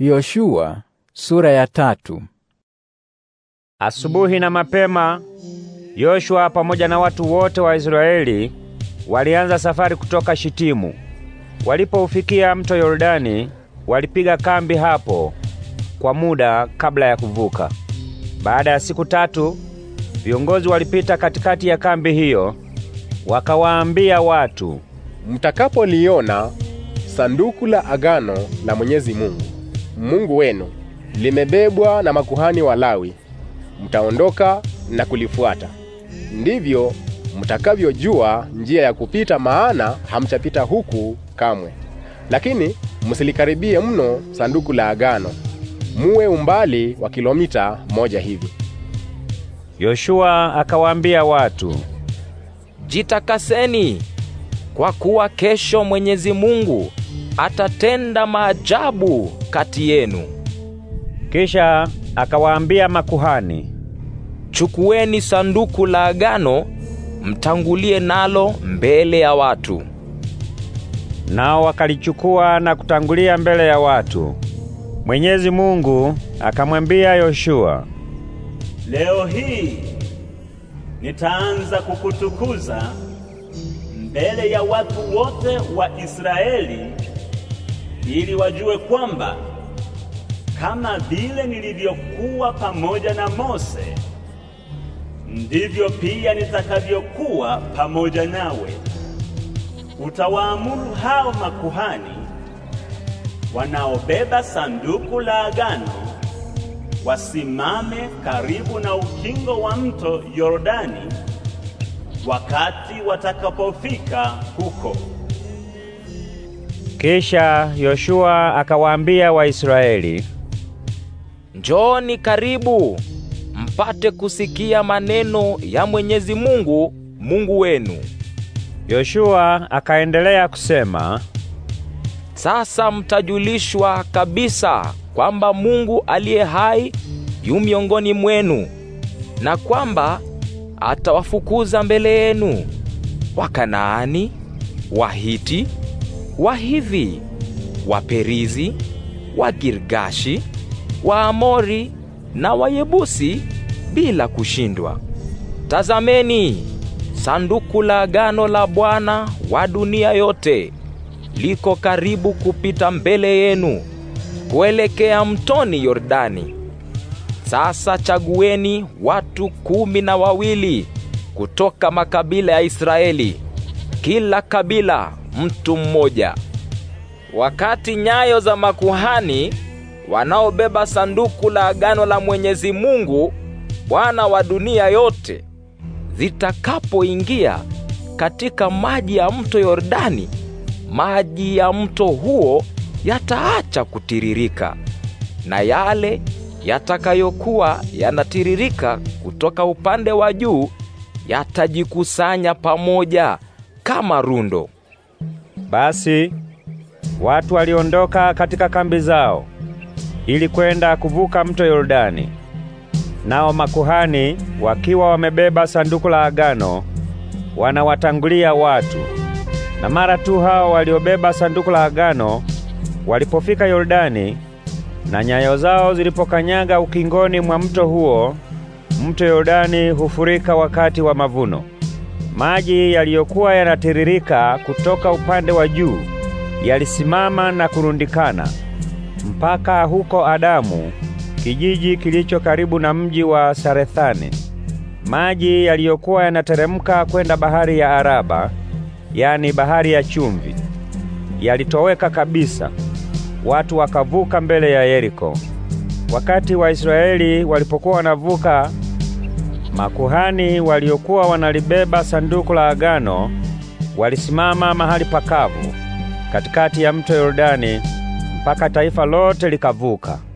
Yoshua sura ya tatu. Asubuhi na mapema Yoshua pamoja na watu wote wa Israeli walianza safari kutoka Shitimu. Walipoufikia mto Yordani, walipiga kambi hapo kwa muda kabla ya kuvuka. Baada ya siku tatu, viongozi walipita katikati ya kambi hiyo, wakawaambia watu, mtakapoliona sanduku la agano la Mwenyezi Mungu Mungu wenu limebebwa na makuhani wa Lawi, mtaondoka na kulifuata. Ndivyo mtakavyojua njia ya kupita, maana hamtapita huku kamwe. Lakini msilikaribie mno sanduku la agano, muwe umbali wa kilomita moja hivi. Yoshua akawaambia watu, jitakaseni kwa kuwa kesho Mwenyezi Mungu atatenda maajabu kati yenu. Kisha akawaambia makuhani, chukueni sanduku la agano, mtangulie nalo mbele ya watu. Nao wakalichukua na kutangulia mbele ya watu. Mwenyezi Mungu akamwambia Yoshua, leo hii nitaanza kukutukuza mbele ya watu wote wa Israeli ili wajue kwamba kama vile nilivyokuwa pamoja na Mose, ndivyo pia nitakavyokuwa pamoja nawe. Utawaamuru hao makuhani wanaobeba sanduku la agano wasimame karibu na ukingo wa mto Yordani wakati watakapofika huko. Kisha Yoshua akawaambia Waisraeli, njooni karibu mpate kusikia maneno ya Mwenyezi Mungu, Mungu wenu. Yoshua akaendelea kusema, sasa mtajulishwa kabisa kwamba Mungu aliye hai yu miongoni mwenu na kwamba atawafukuza mbele yenu Wakanaani, Wahiti, Wahivi, Waperizi, Wagirgashi, Waamori na Wayebusi bila kushindwa. Tazameni, sanduku la agano la Bwana wa dunia yote liko karibu kupita mbele yenu kuelekea mtoni Yordani. Sasa chagueni watu kumi na wawili kutoka makabila ya Israeli, kila kabila mtu mmoja. Wakati nyayo za makuhani wanaobeba sanduku la agano la Mwenyezi Mungu, Bwana wa dunia yote, zitakapoingia katika maji ya mto Yordani, maji ya mto huo yataacha kutiririka, na yale yatakayokuwa yanatiririka kutoka upande wa juu yatajikusanya pamoja kama rundo. Basi watu waliondoka katika kambi zao ili kwenda kuvuka mto Yordani, nao makuhani wakiwa wamebeba sanduku la agano wanawatangulia watu. Na mara tu hao waliobeba sanduku la agano walipofika Yordani na nyayo zao zilipokanyaga ukingoni mwa mto huo, mto Yordani hufurika wakati wa mavuno. Maji yaliyokuwa yanatiririka kutoka upande wa juu yalisimama na kurundikana mpaka huko Adamu, kijiji kilicho karibu na mji wa Sarethane. Maji yaliyokuwa yanateremka kwenda bahari ya Araba, yani bahari ya chumvi, yalitoweka kabisa. Watu wakavuka mbele ya Yeriko. Wakati Waisraeli walipokuwa wanavuka Makuhani waliokuwa wanalibeba sanduku la agano walisimama mahali pakavu katikati ya mto Yordani mpaka taifa lote likavuka.